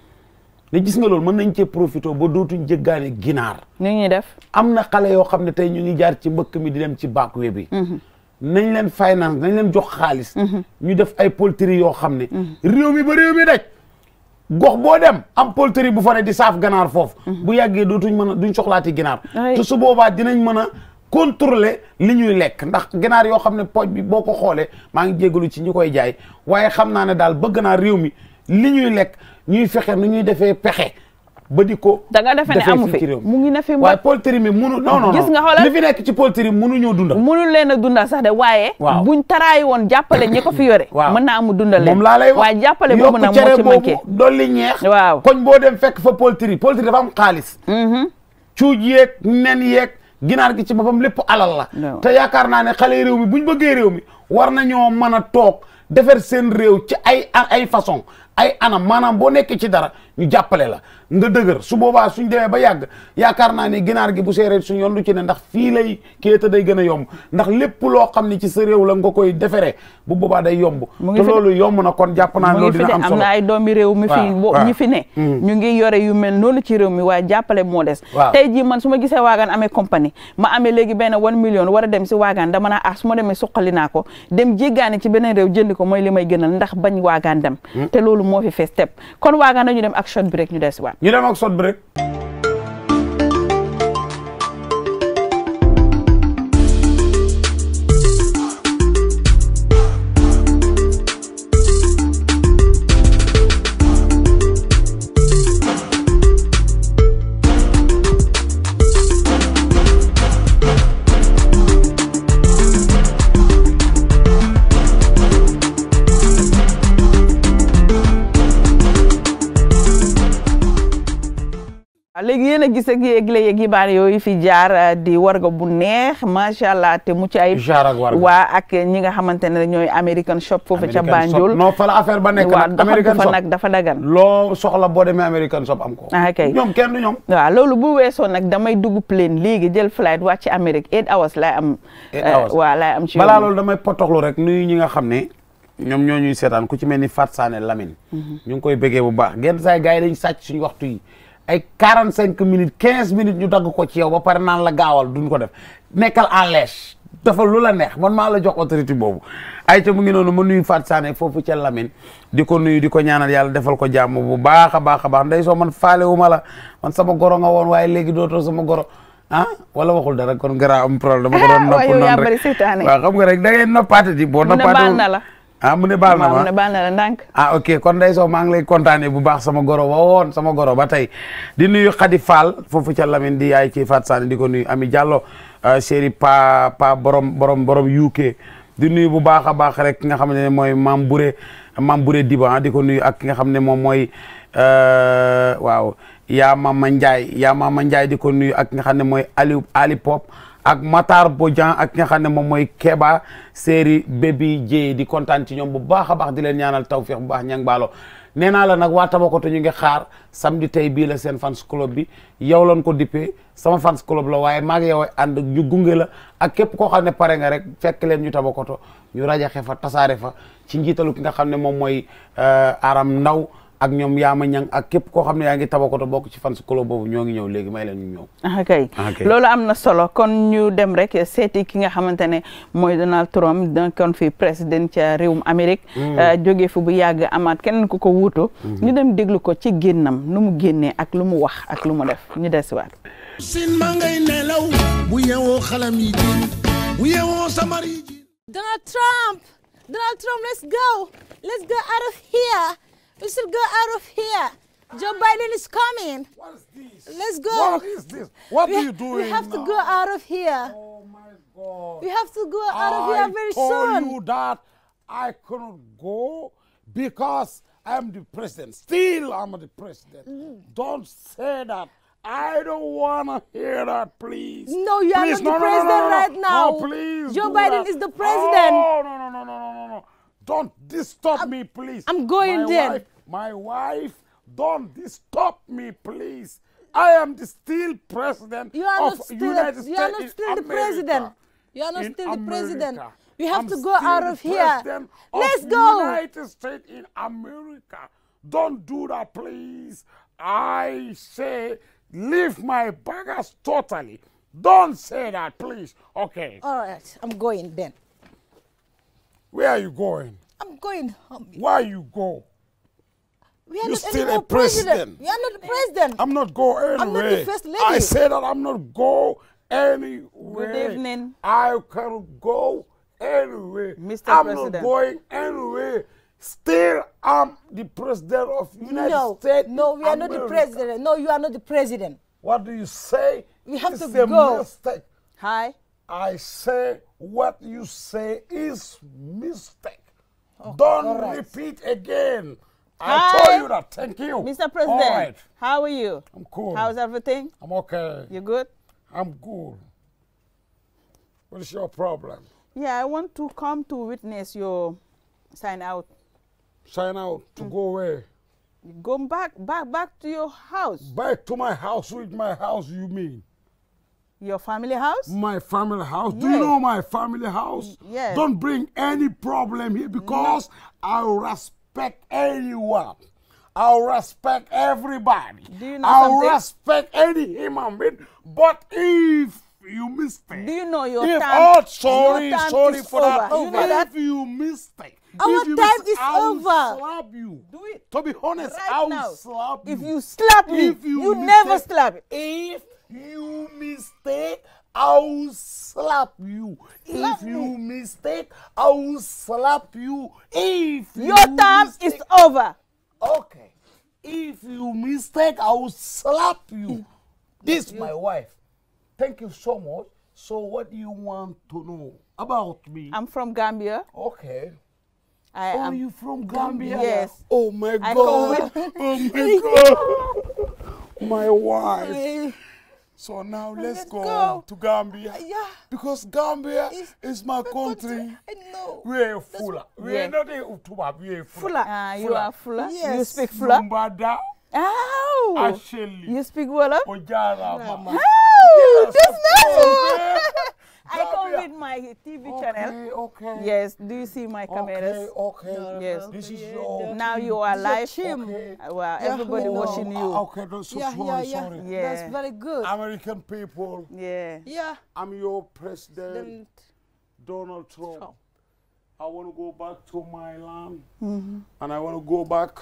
ne gis nga loolu mën nañ cee profité ba dootuñ jéggaane ginaar. ni ñuy def. am na xale yoo xam ne tey ñu ngi jaar ci mbëkk mi di dem ci baak we bi. Mm-hmm. nañ leen finance nañ leen jox xaalis. ñu def ay poltri yoo xam ne. gox boo dem am poultry bu fa di saaf ganaar foofu. Mhm. bu yàggee dootuñ mën a duñ soxlaati ginaar. te su boobaa dinañ mën a contrôler li ñuy lekk ndax ginaar yoo xam ne pooj bi boo ko xoolee maa ngi jégalu ci ñi koy jaay waaye xam naa ne daal bëgg naa réew mi li ñuy lekk ñuy fexe nu ñuy defee pexe. ba di ko. da nga defee ne amu fi mu ngi ne fi waaye poultry mi munu non ah, non gis nga xoolal li fi nekk ci poultry munu ñoo dundal. munu leen a dundal sax de waaye. waaw buñ taraayi woon jàppale ñi ko fi yore. waaw mën naa amu dundal leen moom laa lay wax waaye jàppale boobu nag moo ci manqué yokku cere boobu dolli ñeex. waaw koñ boo dem fekk fa poultry poultry dafa am xaalis. Mm-hmm. cuuj yeeg nen yeeg ginaar gi ci boppam lépp alal la. te yaakaar naa ne xale réew mi buñ bëggee réew mi war nañoo mën a toog defar seen réew ci ay ay façon ay anam maanaam boo nekkee ci dara ñu jàppale la nga dëgër su boobaa suñ demee ba yàgg yaakaar naa ne ginaar gi bu seeree suñ yoon lu ci ne ndax fii lay kéeta day gën a yomb ndax lépp loo xam ne ci sa réew la nga koy deferee bu boobaa day yomb te loolu yomb na kon jàpp naa ne loolu dina am solo am na ay doomi réew mi fi ñi fi ne mm. ñu ngi yore yu mel noonu ci réew mi waaye jàppale moo des tey jii man su ma gisee waagaan amee compagnie ma amee léegi benn one million war a dem si waagaan dama naa ah su ma demee suqali naa ko dem jéggaani ci beneen réew jëndi ko mooy li may gënal ndax bañ waagaan dem mm. te loolu moo fi fees tepp ak short break ñu des waat. ñu dem ak short break. léegi yéen a gis ak yéegle yeeg xibaar yooyu fi jaar euh, di warga bu neex macha allah te mucc ayib. jaar ak warga waa ak ñi nga xamante ne ñooy American shop foofu ca Banjul. non fa la affaire ba nekk nag American shop nag dafa dagan. loo soxla boo demee American shop am ko. ah kay ñoom kenn du ñoom. waaw loolu bu weesoo nag damay dugg plane léegi jël flight wàcc ci Amérique eight hours am. eight euh, am ci balaa loolu damay potoxlu rek nuyu ñi nga xam ne. ñoom ñoo ñuy seetaan ku ci mel ni Fatou Sané Lamine. Mm-hmm. ñu ngi koy bëggee bu baax genn saa gars yi dañu sàcc suñu waxtu yi ay 45 minutes 15 minutes ñu dag ko ci yow ba pare nan la gawal duñ ko def nekkal à l'aise dafa lu la neex man ma la jox autorité bobu ay ca mu ngi nonu ma nuyu fat Sané fofu ci Lamine di ko nuyu di ñaanal yalla defal ko jamm bu baax a baax ndey so man faale wu mala man sama goro nga won waye légui doto sama goro ah wala waxul dara kon gra am problème dama ko don nopp noonu rek wa xam nga rek da ngay noppaate di boo ah mu ne baal na ma mu ne baal na la ah, ok kon day soo maa ngi lay kontaanee bu baax sama goro ba woon sama goro ba tey di nuyu Khady Fall foofu ca Lamine di yaay ci Fatou di ko nuyu Ami Diallo euh, chéri pa pa borom borom borom UK di nuyu bu baax a baax rek ki nga xam ne mooy maam Bouré maam Bouré Diba ah, di ko nuyu ak ki nga xam ne moom mooy euh, waaw yaa Mama Ndiaye yaa Mama Ndiaye di ko nuyu ak ki nga xam ne mooy Aliou Ali Pop ak Matar bojan ak nga xamne mom moy Keba seri Baby j di contante ñom bu baakha bax di leen ñaanal tawfiq bu baax ñang balo neena naa la nag waa Tabakoto ñu ngi xaar samedi tay bi la sen fans club bi yow lan ko dipé sama fans club la waye mag yow and ñu gungé la ak kep ko xamne paré nga rek fekk leen ñu Tabakoto ñu rajaxe fa tasaare fa ci njitalu ki nga xamne mom moy euh, Aram Ndaw ak ñom yaama ñang ak kep ko xamne yaangi tabako to bok ci fans club boobu ñoo ngi ñëw may leen ñu ah kay ah, lolu amna solo kon ñu dem rek seeti ki nga xamantene moy Donald Trump kon fi president ci rewum Amerique mm. ah, joge fu bu yag amat kenn ku ko wuutu mm. ñu dem deglu ko ci gennam nu mu genné ak lu mu wax ak lu mu def ñu waat sin ma ngay nelaw bu yewoo xalam yi jiin bu yewoo samari Donald Trump Donald Trump let's go let's go out of here We should go out of here. Joe Biden is coming. What is this? Let's go. What is this? What we, are you doing? We have now? to go out of here. Oh my God. We have to go out of here very soon. I told you that I couldn't go because I'm the president. Still, I'm the president. Mm. Don't say that. I don't want to hear that, please. No, you please, are not no, the president no, no, right now. No, please. Joe Biden that. is the president. Oh, no, no, no, no, no, no. Don't disturb I'm, me, please. I'm going my there. Wife, my wife, don't disturb me, please. I am the still president you are of not still United States. You are not still the America. president. You are not in still the America. president. We have I'm to go out of here. Let's go. United States in America. Don't do that, please. I say leave my baggage totally. Don't say that, please. Okay. All right, I'm going then. Where are you going? I'm going home. Um, Why you go? We are you still a president. president. We are not the president. I'm not go anywhere. I'm not the first lady. I said that I'm not go anywhere. Good evening. I can go anywhere. Mr. I'm president. not going anywhere. Still, I'm the president of United no, States. No, we are America. not the president. No, you are not the president. What do you say? We have it's to go. Mistake. Hi. I say what you say is mistake. Don't right. repeat again. Hi. I told you that. Thank you. Mr. President, All right. how are you? I'm cool. How's everything? I'm okay. You good? I'm good. What is your problem? Yeah, I want to come to witness your sign out. Sign out to mm. go away. Go back, back, back to your house. Back to my house with my house, you mean? Your family house? My family house. Yes. Do you know my family house? Yes. Don't bring any problem here because no. I respect anyone. I respect everybody. Do you know I something? respect any human being. But if you mistake. Do you know your if, time? Oh, sorry, your time sorry is for over. that. You know that? If you mistake. Our if time miss, is I will over. slap you. Do it. To be honest, right I will now. slap you. If you slap me, if you, you never slap. If You mistake, I will slap you. Slap if me. you mistake, I will slap you. If your you time mistake. is over. Okay. If you mistake, I will slap you. Mm. this you. my wife. Thank you so much. So what do you want to know about me? I'm from Gambia. Okay. I oh, am you from Gambia? Yes. Oh my god. oh my god. my wife. So now let's, let's go, go to Gambia. Uh, yeah. Because Gambia is, is my country. I know. We're are Fula. yeah. not a Utuba. We're are Fula. Ah, Fula. you are Fula. Yes. You speak Fula. Lumbada. Ow. Ashley. You speak Wolof. Ojara. Mama. Ow. Yes, That's not I come with my TV okay, channel. Okay. Yes. Do you see my cameras? Okay. okay. Yes. This is your. Now you are live. Okay. Well, everybody no. watching you. Ah, okay. No, so yeah, sorry, yeah, sorry. Yeah. That's very good. American people. Yeah. Yeah. I'm your president, Donald Trump. Trump. I want to go back to my land, mm -hmm. and I want to go back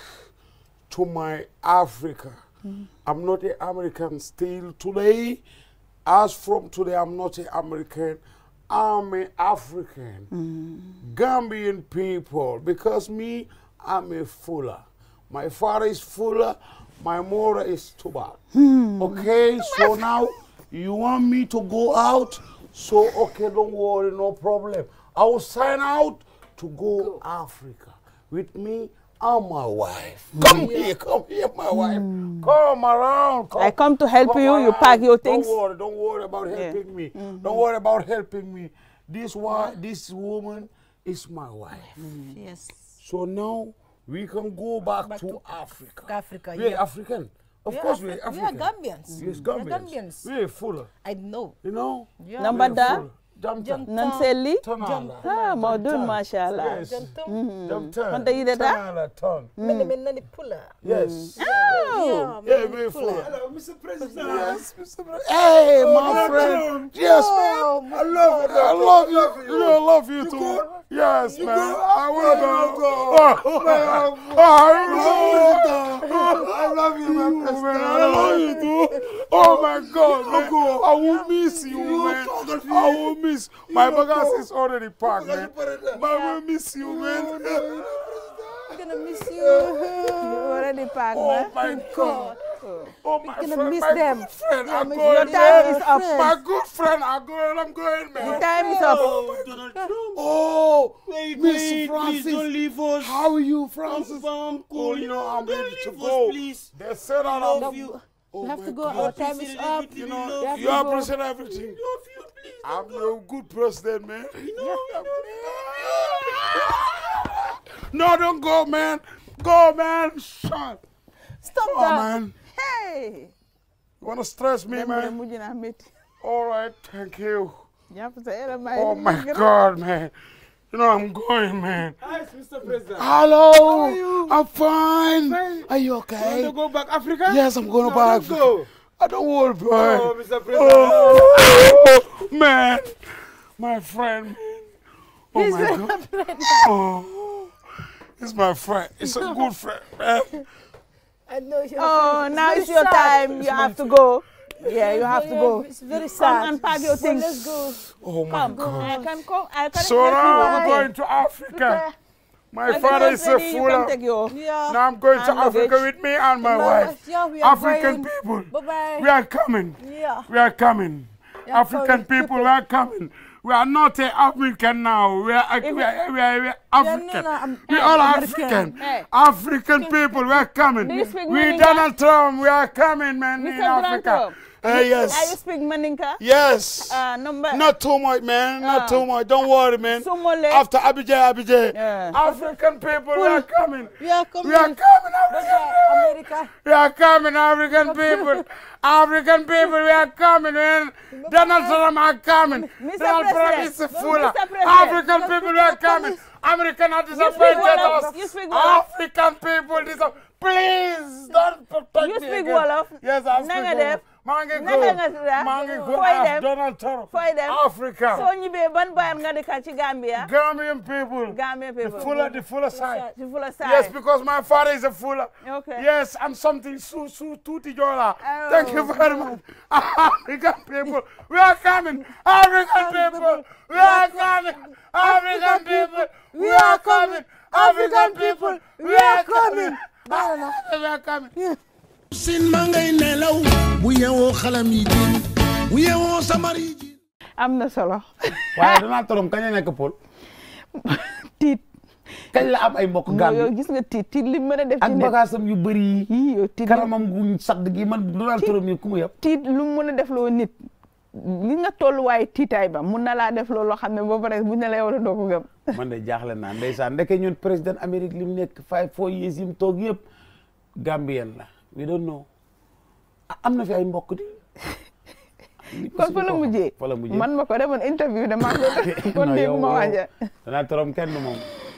to my Africa. Mm -hmm. I'm not an American still today. As from today, I'm not an American. I'm an African, mm. Gambian people, because me, I'm a fuller. My father is fuller, my mother is Tuba. Mm. Okay, so now you want me to go out? So, okay, don't worry, no problem. I will sign out to go, go. Africa. With me, I'm my wife. Come yeah. here, come here, my hmm. wife. Mm. Come around. Come, I come to help come you. Around. You pack your things. Don't worry, don't worry about helping yeah. me. Mm -hmm. Don't worry about helping me. This one, this woman is my wife. Mm. Yes. So now we can go back, back to, to, Africa. Africa, We're yeah. African. Of we course, we're African. We are Gambians. Yes, Gambians. We're Gambians. We're fuller. I know. You know? Yeah. Number non yes yeah hey my friend yes i love you i love you love you too yes man i will go i love you my i love you too oh my god i will miss you please. My bagage is already packed, man. But yeah. we miss you, man. I'm gonna miss you. You're already packed, oh man. My God. Oh. my We're gonna friend, my friend, I'm going. My good friend, I'm going. I'm going, man. The time is up. Oh, Oh, Miss Francis, please don't leave us. How are you, Francis? I'm cool. Oh, you know, I'm don't ready to go. please. They said I love, you. you. Oh we have oh, to go. God. Our time is up. You know, you, you appreciate everything. I'm a good president, man. No, no, don't go, man. Go, man. Shut. Stop oh, that. man. Hey. You want to stress me, man? All right, thank you. Oh, my God, man. You know, I'm going, man. Hi, Mr. President. Hello. How are you? I'm fine. fine. Are you okay? You want to go back Africa? Yes, I'm going no, back. Go. I don't want to pay. Oh, Mr. President. Oh, man. My friend. Oh, Mr. my God. Oh, it's my friend. It's a good friend, man. I know you Oh, now it's your sad. time. It's you have friend. to go. Yeah, you have to go. It's very sad. Come and pack your things. Let's go. Oh, my Come. God. I can come. I can so now we're going to Africa. My and father is so full of. Yeah. Now I'm going and to luggage. Africa with me and my no, wife. Yeah, African going. people, Bye -bye. we are coming. Yeah. We are coming. Yeah, African people, people, we are coming. We are not uh, African now. We are, we, are, we are, we are African. Yeah, no, no, we all all African. Hey. African people, we are coming. we Donald Trump, we are coming, man, Mr. in Africa. Trump. Uh, ah, yes. Are you speak Maninka? Yes. Uh, number. Not too much, man. Uh, Not ah. too much. Don't worry, man. Somali. After Abidjan, Abidjan. Yeah. African people cool. are coming. We are coming. We are coming, African America. We are coming, African people. African people, we are coming, man. Donald Trump are coming. Donald Trump is fuller. African people, we are coming. American are disappointed us. African people disappointed. Please don't protect you me. You speak Wolof. Yes, I speak Wolof maa ngi ko naka ah, Donald Trump fooy dem Africa soo ñibbee ban baat nga di ka ci Gambia Gambian people Gambian people the Fula the fuller side the fuller side yes because my father is a fuller. okay yes I'm something su su tuuti jola. Oh. thank you very much African people we are coming African people we are coming African people we are coming African people we are coming we are coming sin ma ngay nelaw bu yewoo xalam yi jiin bu yewoo samar am na solo waaye Donald Trump kañ la nekk Paul tiit kañ la am ay mbokk gàmm yow gis nga tiit tiit li mën a def ak bagaasam yu bëri yi yow tiit karamam guñ sadd gi man Donald Trump yi ku mu yëpp tiit lu mën a def loo nit li nga tolluwaay tiitaay ba mun na laa def loo xam ne ba pare buñ na la yow la doo ko gëm man de jaaxle naa ndeysaan ndeke ñun président Amérique li mu nekk five four years yi mu toog yëpp Gambien la we don't a am na fi ay mbokk di. kon fa la mujjee man ma ko demoon interview de maa ngi ko kon dégg ma waaj a. danaa torom kenn moom.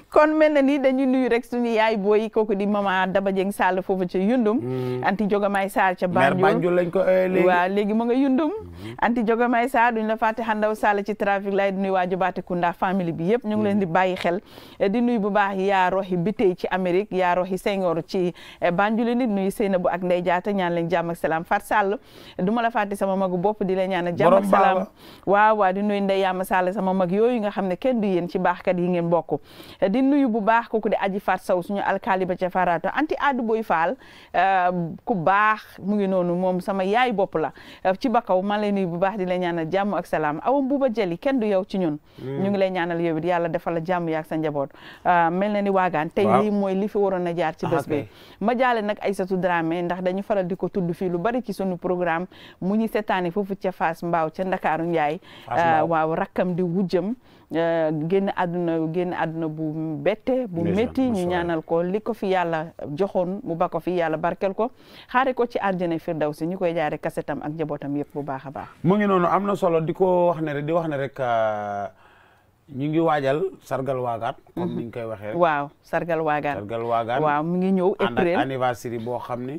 kon mel na ni dañu nuyu rek suñu yaay booy kooku di mama Daba Dieng Sall foofu ci Yundum. Mm. anti Jogamaay Sarr ca Banjul mère Banjul lañ ko eh, léegi. waaw léegi mu nga Yundum. Mm-hmm. anti Jogamaay Sarr duñ la fàtte xandaw Sall ci trafic lay di waa Jobaate Kunda famille bi yëpp. ñu ngi leen di mm-hmm. bàyyi xel eh, di nuyu bu baax yaaro roxi bitey ci Amérique yaaro roxi Senghor ci eh, Banjul nit nuyu Seynabou ak Ndey Jaata ñaan leen jàmm ak salaam Fat Sall du ma la fàtte sama magu bopp di la ñaan jàmm ak salaam waaw waaw di nuyu Ndey Yaama Sall sama mag yooyu nga xam ne kenn du yéen ci baaxkat yi ngeen di nuyu bu baax kooku de aji faat saw suñu alkaali ba ca farato anti aadu boy faal euh, ku baax mu ngi noonu moom sama yaay bopp la euh, ci bakaw man lay nuyu bu baax di la ñaanal jàmm ak salaam awam buuba jëli kenn du yow ci ñun mm. ñu ngi lay ñaanal yow yàlla defal la jàmm yaak sa njaboot euh, mel na ni waagaan tey lii mooy li fi waroon a jaar ci ah, bés bi ma jaale nag Aïssatou Dramé ndax dañu faral di ko tudd fii lu bari ci sunu programme mu ñu seetaani foofu ca fas Mbaaw ca Ndakaaru yaay waaw rakkam di wujjam Euh, génn àdduna génn àdduna bu bette bu métti ñu ñaanal ko li ko fi yàlla joxoon mu ba ko fi yàlla barkel ko xaare ko ci àjjana si ñu koy jaare kasetam ak jabootam yëpp bu baax a baax mu ngi noonu am na solo di ko wax ne rek di wax ne rek euh, ñu ngi waajal sargal waagaat mhm. koy waxee rek waaw sargal waagaat sargal waagaat waaw mu ngi ñëw épril anniversaire boo xam ne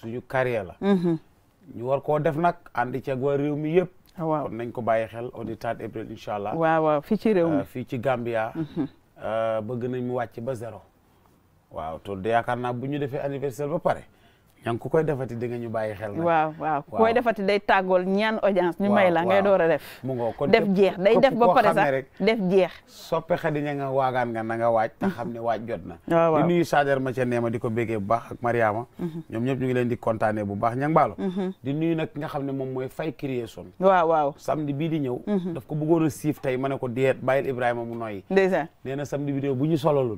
suñu carrière la mhm. ñu war koo def nag ànd ceeg waa réew mi yëpp Ah, waaw nañ ko bàyyi xel au du 4 avril incha allah. waaw fii ci réew euh, fii ci Gambia. Mhm. Euh, bëgg nañ mu wàcc ba zéro. waaw tool de yaakaar naa bu ñu defee anniversaire ba pare. ña ku koy defa di nga ñu bàyyi xel nag waaw waaw ku koy day tàggool ñaan audience ñu may la ngay door a def mu ngoo kon jeex day def ba pare sax def jeex soppe xadi ña nga waagaan nga na nga waaj te xam ne waaj jot na di nuyu Sadar ma nee ma di ko bégee bu baax ak Mariama mhm. ñoom ñëpp ñu ngi leen di kontaane bu baax ña mbaalo mhm. di nuyu nag nga xam ne moom mooy fay création waaw waaw samedi bii di ñëw mhm. daf ko bëggoon siif tey ma ne ko déet bàyyil Ibrahima mu noyyi ndeysaan nee na samedi bi bu ñu solalul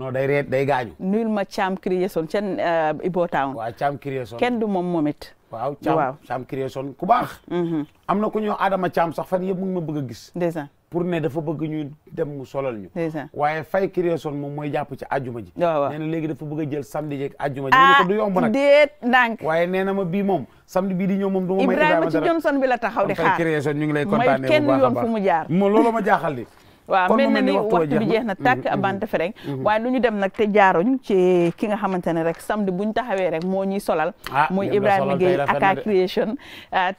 non day reet day gaañu. nuyul ma Thiam euh, Creation kenn du moom moom waaw Thiam Creation ku baax. Mhm. am na ku ñëw Adama Thiam sax fan yëpp mu ngi ma bëgg a gis. dèjà pour ne dafa bëgg ñu dem mu solal ñu. dèjà waaye Faye Creation moom mooy jàpp ci àjjuma ji. waaw na a jël samedi jeeg àjjuma ji. ah du ma bii moom samedi bii di ñëw moom. du ma may Ibrahima ci Johnson la taxaw di xaar Faye Creation a fu mu jaar. loolu ma jaaxal di waaw mel na ni waxtu bi jeex na tàkk mm-hmm, abante mm-hmm, fereng mm-hmm. waaye du ñu dem nag te jaaruñ ci ki nga xamante ne rek samedi bu ñu taxawee rek moo ñuy solal ah, muy Ibrahima Gueye Aka Creation ah,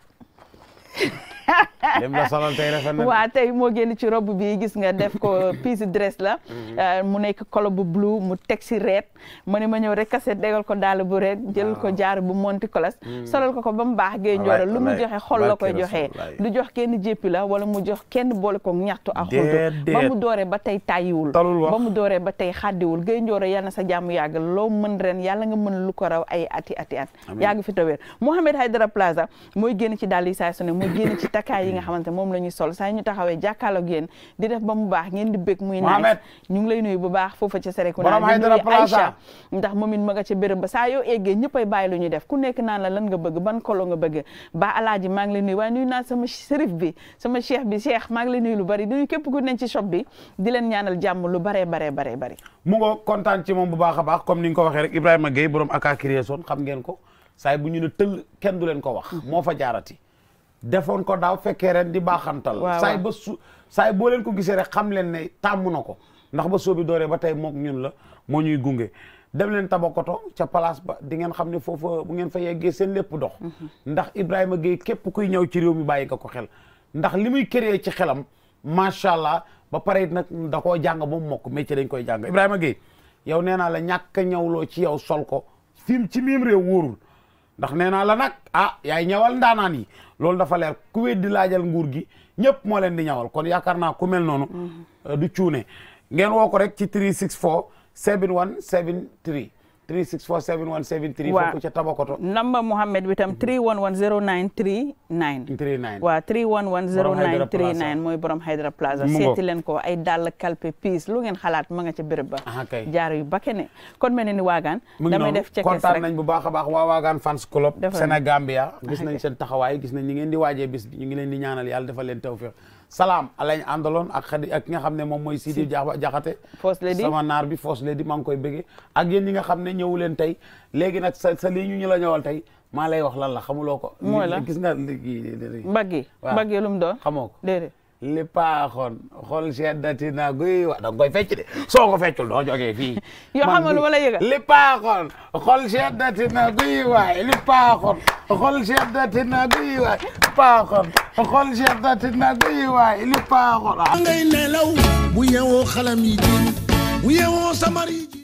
lim la solal tey rafet na waa tey moo génn ci robe bi gis nga def ko piece dress la mhm. mu nekk kolo bu blue mu teg si reet ma ne ma ñëw rek kase dégal ko daal bu reet jël ko ah. jaar bu monti kolas mhm. solal ko ko ba mu baax gee njoora lu mu joxe xol la koy joxee du jox kenn jéppi la wala mu jox kenn boole ko ñaxtu ak xultu ba mu dooree ba tey tàyyiwul ba mu dooree ba tey xàddiwul gee njoora yàlla sa jàmm yàgg loo mën ren yàlla nga mën lu ko raw ay ati ati at yàgg fi tawéer Mouhamed Haydara Plaza mooy génn ci daal yi saa su mu génn ci takkaay yi nga xamante moom la ñu sol saa ñu taxawee jàkkaarloog yéen di def ba mu baax ngeen di bég muy naaj ñu ngi lay nuyu bu baax foofa ca Serekunda Aïcha ndax moom it ma nga ca béréb ba saa yoo eggee ñëppay bàyyi lu ñuy def ku nekk naan la lan nga bëgg ban kolo ga bëgg ba alaaji maa ngi lay nuyu waaye nuyu naa sama sérif bi sama cheikh bi cheikh maa ngi lu bari nuyu képp ku nekk ci shop bi di leen ñaanal jàmm lu baree bare baree bari mu nga kontaan ci moom bu baax a baax comme ni nga ko waxee rek Ibrahima Gueye borom Aka Création xam ngeen ko saay bu ñu ne tëll kenn leen ko wax mm-hmm. moo fa jaarati defoon ko daaw fekkee ren di baaxantal. waaw saay ba su saay boo ko gisee rek xam leen ne tàmm na ko ndax ba soo bi dooree ba tey mook ñun la moo ñuy gunge. dem leen tabakoto ca palace ba di ngeen xam ne foofa bu ngeen fa yeggee seen lépp dox. Mhm. ndax Ibrahima Gueye képp kuy ñëw ci réew mi bàyyi nga ko xel. ndax li muy créer ci xelam macha allah ba pare nag da koo jàng ba mu mokk métier dañ koy jàng Ibrahima Gueye yow nee naa la ñàkk a ñawloo ci yow sol ko fim ci miim réew wóorul ndax nee naa la nag ah yaay ñawal ndaanaan yi. loolu dafa leer ku di laajal nguur gi ñëpp moo leen di ñawal kon yaakaar naa ku noonu. Mhm. Euh, du cuune ngeen woo ko rek ci 364 71 73. 3647173. waaw foofu ca Tabakoto. number Mohammed bi tam 3110939. 39 waaw 3110939 mooy borom Hydra Plaza. seeti leen ko ay dàll calpe piis lu ngeen xalaat ma nga ca béréb ba. jaar yu bakke ne kon mel ne ni waagaan. damay def cekkes rek a baax waa waagaan fans club. Sénégambia gis nañ seen taxawaay gis nañ ñi ngeen di waajee bis bi ñu leen salaam alañ àndaloon ak xadi ak ki nga xam ne moom mooy Sidi Jaxate sama naar bi First Lady maa ngi koy bëggee ak yéen ñi nga xam ne ñëwu leen tey léegi nag sa sa lii ñu la ñëwal tey maa lay wax lan la xamuloo ko mooy la gis nga léegi mbagg yi mbagg yi lu mu doon xamoo ko déedéet li paaxoon xol seddati na guy wax soo ko feccul doo jógee fii. la li paaxoon xol seddati na guy waay li paaxoon xol seddati na guy waay paaxoon xol seddati na guy waay li paaxoon. ngay nelaw bu yeewoo xalam yi ji bu yeewoo samar